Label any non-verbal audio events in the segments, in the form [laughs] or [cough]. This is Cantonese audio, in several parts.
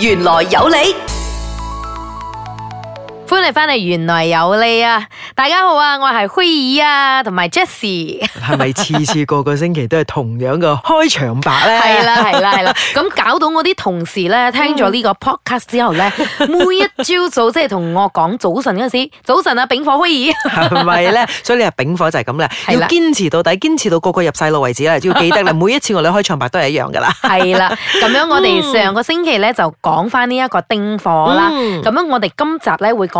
玄來有理。歡迎翻嚟，原來有你啊！大家好啊，我係灰兒啊，同埋 Jessie。係咪次次個 [laughs] 個星期都係同樣嘅開場白咧？係啦，係啦，係啦。咁 [laughs] 搞到我啲同事咧，聽咗呢個 podcast 之後咧， [laughs] 每一朝早即係同我講早晨嗰陣時，早晨啊，丙火灰兒係咪咧？所以你係丙火就係咁啦，的要堅持到底，堅持到個個入晒腦為止啦， [laughs] 要記得啦。每一次我哋開場白都係一樣噶啦。係 [laughs] 啦，咁樣我哋上個星期咧就講翻呢一個丁火啦。咁、 [laughs] 嗯、樣我哋今集咧會講。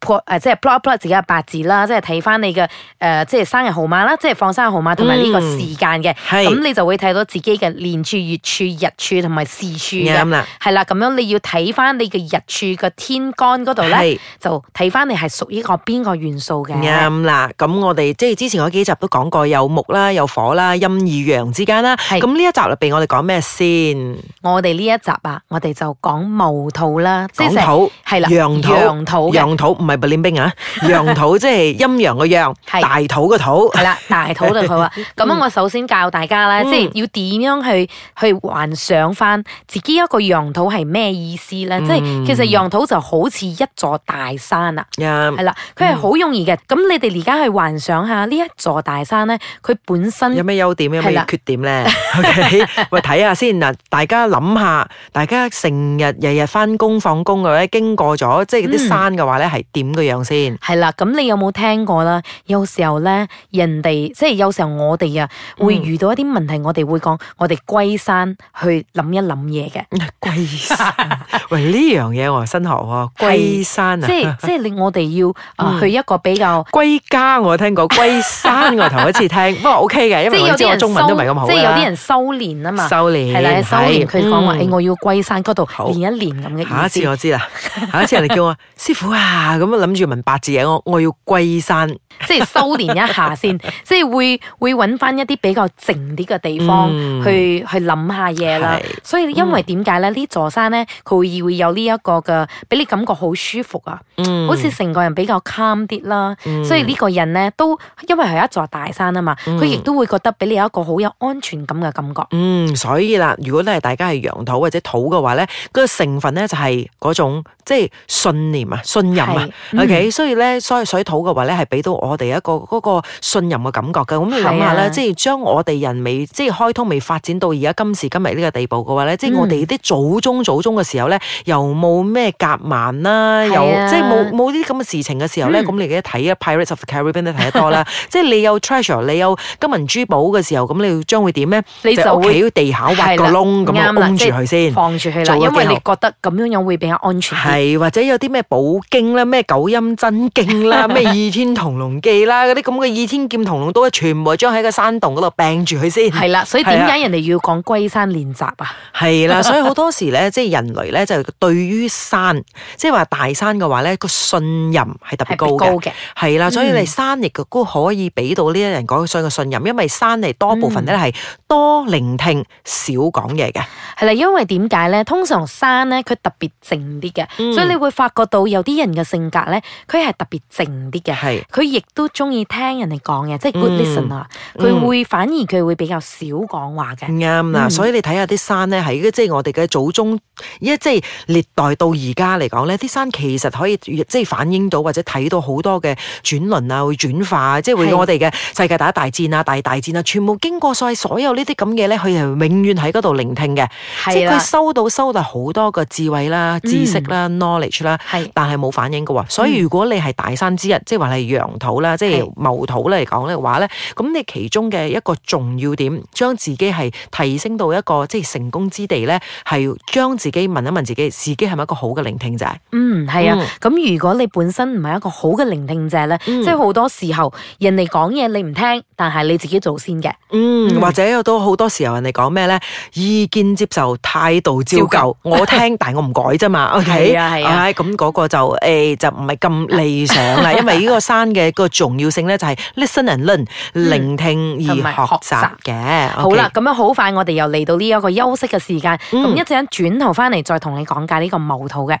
誒，即係 plot plot 自己嘅八字啦，即係睇翻你嘅誒，即係生日號碼啦，即係放生日號碼同埋呢個時間嘅，咁你就會睇到自己嘅年柱、月柱、日柱同埋時柱嘅，係啦，咁樣你要睇翻你嘅日柱個天干嗰度咧，就睇翻你係屬於個邊個元素嘅，啱啦。咁我哋即係之前嗰幾集都講過有木啦，有火啦，陰與陽之間啦，咁呢一集嚟，我哋講咩先？我哋呢一集啊，我哋就講戊土啦，即係土，係啦，陽土，陽土。唔係 Bling Bing 啊！陽土即係陰陽個陽，大土個土。係啦，大土就佢話。咁我首先教大家咧，即係要點樣去去幻想翻自己一個陽土係咩意思咧？即係其實陽土就好似一座大山啊，係啦，佢係好容易嘅。咁你哋而家去幻想下呢一座大山咧，佢本身有咩優點，有咩缺點咧？OK，喂，睇下先嗱，大家諗下，大家成日日日翻工放工嘅咧，經過咗即係啲山嘅話咧係。點個樣先？係啦，咁你有冇聽過啦？有時候咧，人哋即係有時候我哋啊，會遇到一啲問題，我哋會講，我哋歸山去諗一諗嘢嘅。歸山喂，呢樣嘢我新學喎，歸山啊！即係即係你我哋要去一個比較歸家，我聽過歸山，我頭一次聽，不過 OK 嘅，因為我知我中文都唔係咁好。即係有啲人修煉啊嘛，修煉係啊，修煉佢講話，哎，我要歸山嗰度練一練咁嘅意思。下次我知啦，下次人哋叫我師傅啊咁啊諗住問八字啊，我我要歸山。即係修練一下先， [laughs] 即係會會揾翻一啲比較靜啲嘅地方去、嗯、去諗下嘢啦。是所以因為點解咧呢、嗯、這座山咧，佢會會有呢一個嘅，俾你感覺好舒服啊，嗯、好似成個人比較 calm 啲啦。嗯、所以呢個人咧都因為係一座大山啊嘛，佢亦都會覺得俾你有一個好有安全感嘅感覺。嗯，所以啦，如果都係大家係羊土或者土嘅話咧，嗰、那個成分咧就係嗰種即係、就是、信念啊、信任啊。嗯、o、okay? K，所以咧，所以水土嘅話咧係俾到我。我哋一個嗰個信任嘅感覺嘅，咁你諗下咧，即係將我哋人未，即係開通未發展到而家今時今日呢個地步嘅話咧，即係我哋啲祖宗祖宗嘅時候咧，又冇咩夾萬啦，又即係冇冇呢啲咁嘅事情嘅時候咧，咁你而家睇啊《Pirates of the Caribbean》都睇得多啦，即係你有 treasure，你有金銀珠寶嘅時候，咁你將會點咧？你就會喺地下挖個窿咁樣封住佢先，放住佢啦，因為你覺得咁樣樣會比較安全。係或者有啲咩寶經啦，咩九陰真經啦，咩二天同龍。記啦，嗰啲咁嘅倚天劍同屠龍刀，全部就將喺個山洞嗰度，掟住佢先。係啦，所以點解人哋要講龜山練習啊？係啦，所以好多時咧，即係人類咧，就對於山，即係話大山嘅話咧，個信任係特別高嘅。係啦，所以你山亦都可以俾到呢一類人咁嘅信個信任，因為山嚟，多部分咧係多聆聽、少講嘢嘅。係啦，因為點解咧？通常山咧，佢特別靜啲嘅，所以你會發覺到有啲人嘅性格咧，佢係特別靜啲嘅。係，佢而。亦都中意聽人哋講嘅，即係 Good Listener 啊，佢會反而佢會比較少講話嘅。啱啊，所以你睇下啲山咧，喺即係我哋嘅祖宗一即係歷代到而家嚟講咧，啲山其實可以即係反映到或者睇到好多嘅轉輪啊、轉化啊，即係我哋嘅世界第一大戰啊、第二是大，大戰啊，全部經過晒所有呢啲咁嘅咧，佢係永遠喺嗰度聆聽嘅。的即係佢收到收到好多嘅智慧啦、知識啦、knowledge 啦，但係冇反映嘅喎。所以如果你係大山之一，嗯、即係話係羊。好啦，即係謀土嚟講嘅話咧，咁你是其中嘅一個重要點，將自己係提升到一個即係成功之地咧，係將自己問一問自己，自己係咪一個好嘅聆聽者？嗯，係啊。咁、嗯、如果你本身唔係一個好嘅聆聽者咧，嗯、即係好多時候人哋講嘢你唔聽，但係你自己做先嘅。嗯，嗯或者又都好多時候人哋講咩咧，意見接受態度照舊，集我聽 [laughs] 但係我唔改啫嘛。O K，係啊係啊，咁嗰、啊哎嗰個就誒、哎、就唔係咁理想啦，因為呢個山嘅。個重要性咧就係 listen and learn、嗯、聆聽而學習嘅。好啦，咁 Okay 樣好快，我哋又嚟到呢一個休息嘅時間。咁一陣轉頭翻嚟，再同你講解呢個毛肚嘅。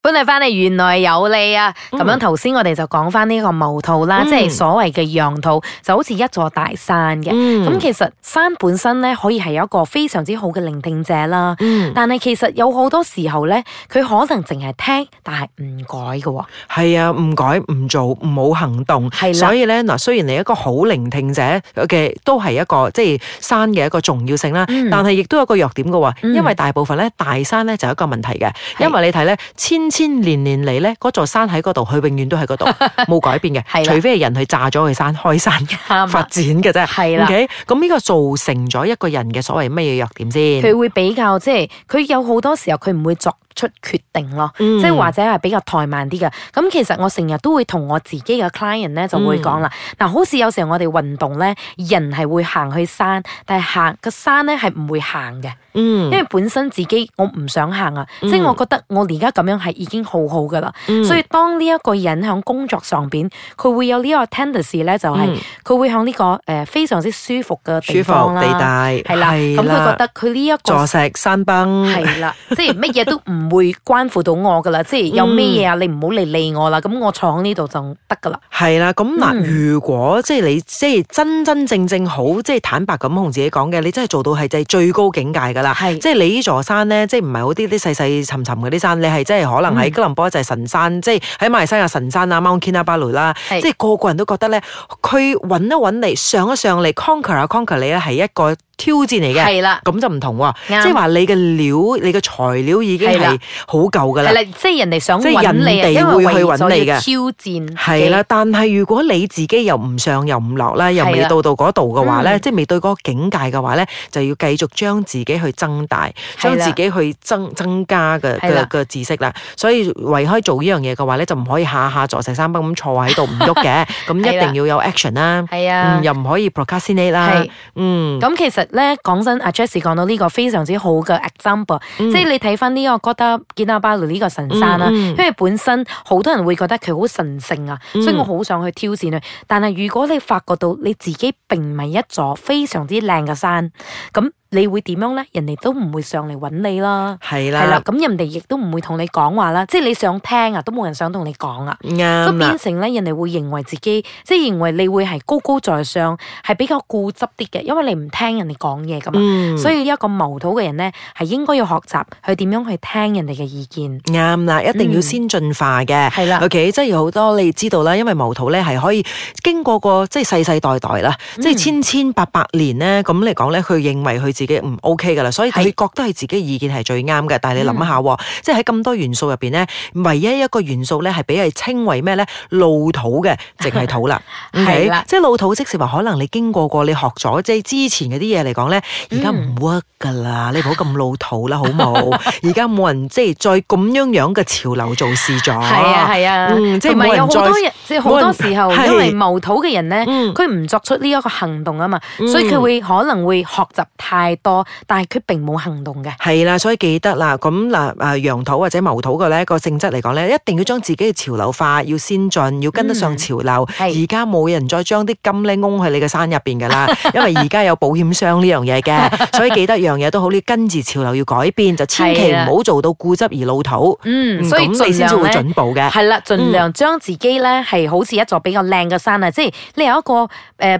本嚟翻嚟，玄來有理啊！咁、嗯、樣頭先我哋就講翻呢個戊土啦，嗯、即係所謂嘅陽土，就好似一座大山嘅。咁、嗯、其實山本身咧，可以係有一個非常之好嘅聆聽者啦。嗯、但係其實有好多時候咧，佢可能淨係聽，但係唔改嘅喎。係啊，唔改唔做唔好行動。係的所以咧嗱，雖然你一個好聆聽者嘅，都係一個即係山嘅一個重要性啦。嗯、但係亦都有個弱點嘅話，因為大部分咧大山咧就有一個問題嘅，嗯、因為你睇咧是千,千。千年年嚟咧，嗰座山喺嗰度，佢永遠都喺嗰度，冇 [laughs] 改變嘅， [laughs] 的除非係人去炸咗佢山，開山、 [laughs] 啊、發展嘅啫。係啦的，咁呢、Okay? 個造成咗一個人嘅所謂乜嘢弱點先？佢會比較，即係佢有好多時候佢唔會作出決定咯，即係或者係比較怠慢啲嘅。咁其實我成日都會同我自己嘅 client 咧就會講啦。嗱，好似有時候我哋運動咧，人係會行去山，但係行個山咧係唔會行嘅，因為本身自己我唔想行啊。即係我覺得我而家咁樣係已經好好噶啦。所以當呢一個人喺工作上邊，佢會有呢個 tendency 咧，就係佢會向呢個誒非常之舒服嘅地方，舒服地帶係啦。咁佢覺得佢呢一個坐食山崩係啦，即係乜嘢都唔會關乎到我噶啦，即係有咩嘢啊？嗯、你唔好嚟理我啦，咁我坐喺呢度就得噶啦。係啦，咁嗱，如果、嗯、即係你即係真真正正好，即係坦白咁同自己講嘅，你真係做到係最高境界噶啦的。即係你呢座山咧，即係唔係好啲啲細細沉沉嗰啲山？你係即係可能喺吉林波就係神山，嗯、即係喺馬來西亞神山啊 Mount Kinabalu 啦。Kin aru, 的即係個個人都覺得咧，佢揾一揾嚟，上一上嚟，conquer 啊，conquer 你啊，係一個挑戰嚟嘅。係啦的，咁就唔同喎，的即係話你嘅料，你嘅材料已經係。好舊噶啦，係啦，即係人哋想即係搵你，因為為咗要挑戰，係啦。但係如果你自己又唔上又唔落啦，又未到到嗰度嘅話咧，即係未到嗰個境界嘅話咧，就要繼續將自己去增大，將自己去增增加嘅嘅嘅知識啦。所以為開做呢樣嘢嘅話咧，就唔可以下下坐石山崩咁坐喺度唔喐嘅，咁一定要有 action 啦。係啊，又唔可以 procrastinate 啦。嗯。咁其實咧，講真，阿 Jessie 講到呢個非常之好嘅 example，即係你睇翻呢個。得見到阿巴雷呢個神山啦，嗯嗯、因為本身好多人會覺得佢好神聖啊，所以我好想去挑戰佢。但係如果你發覺到你自己並唔係一座非常之靚嘅山，咁。你會點樣咧？人哋都唔會上嚟揾你啦，係啦，係啦，咁人哋亦都唔會同你講話啦。即係你想聽啊，都冇人想同你講啊。啱啊，都變成咧，人哋會認為自己，即係認為你會係高高在上，係比較固執啲嘅，因為你唔聽人哋講嘢噶嘛。嗯、所以一個毛頭嘅人咧，係應該要學習去點樣去聽人哋嘅意見。啱啦，一定要先進化嘅。係啦、嗯、啱啦，O.K.，即係有好多你知道啦，因為毛頭咧係可以經過個即係世世代代啦，嗯、即係千千百百年咧咁嚟講咧，佢認為佢。自己唔 OK 噶啦，所以佢覺得係自己意見係最啱嘅。但係你諗下，即係喺咁多元素入邊咧，唯一一個元素咧係俾佢稱為咩咧？老土嘅，淨係土啦。係，即係老土，即是話可能你經過過你學咗即係之前嗰啲嘢嚟講咧，而家唔 work 噶啦。你唔好咁老土啦，好冇？而家冇人即係再咁樣樣嘅潮流做事咗。係啊，係啊。嗯，即係唔係有好多，即係好多時候，因為老土嘅人咧，佢唔作出呢一個行動啊嘛，所以佢會可能會學習太。係多，但係佢並冇行動嘅。係啦，所以記得啦。咁嗱，誒、啊，羊土或者毛土嘅咧，個性質嚟講咧，一定要將自己嘅潮流化，要先進，要跟得上潮流。而家冇人再將啲金僆翁喺你嘅山入邊噶啦， [laughs] 因為而家有保險箱呢樣嘢嘅， [laughs] 所以記得樣嘢都好，你跟住潮流要改變， [laughs] 就千祈唔好做到固執而老土。嗯，咁你先至會進步嘅。係啦，盡量將、嗯、自己咧係好似一座比較靚嘅山啊，嗯、即係你有一個誒，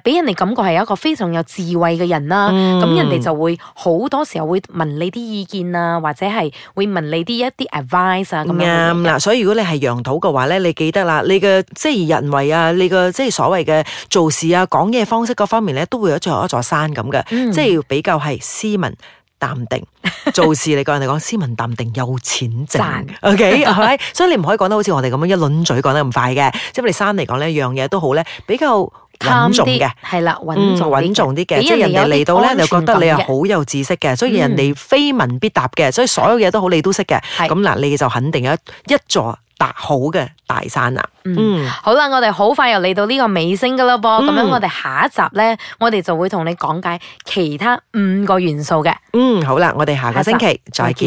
俾、呃、人哋感覺係一個非常有智慧嘅人啦。咁、嗯、人哋就會好多時候會問你啲意見啊，或者係會問你啲一啲 advice 啊咁、嗯、樣、嗯、所以如果你係陽土嘅話咧，你記得啦，你嘅即係人為啊，你嘅即係所謂嘅做事啊，講嘢方式各方面咧，都會有一座一座山咁嘅，嗯、即係比較係斯文淡定。 [laughs] 做事你個人嚟講，斯文淡定有錢賺。O K 係咪？所以你唔可以講得好似我哋咁樣一輪嘴講得咁快嘅。即係我哋山嚟講咧，樣嘢都好咧，比較。穩重嘅係啦，穩穩重啲嘅，即係人哋嚟到咧，你就覺得你係好有知識嘅，所以人哋非問必答嘅，所以所有嘢都好，你都識嘅。咁嗱是，你就肯定有一一座搭好嘅大山啦。嗯，嗯好啦，我哋好快又嚟到呢個尾聲噶啦噃，咁、嗯、樣我哋下一集咧，我哋就會同你講解其他五個元素嘅。嗯，好啦，我哋下個星期再見。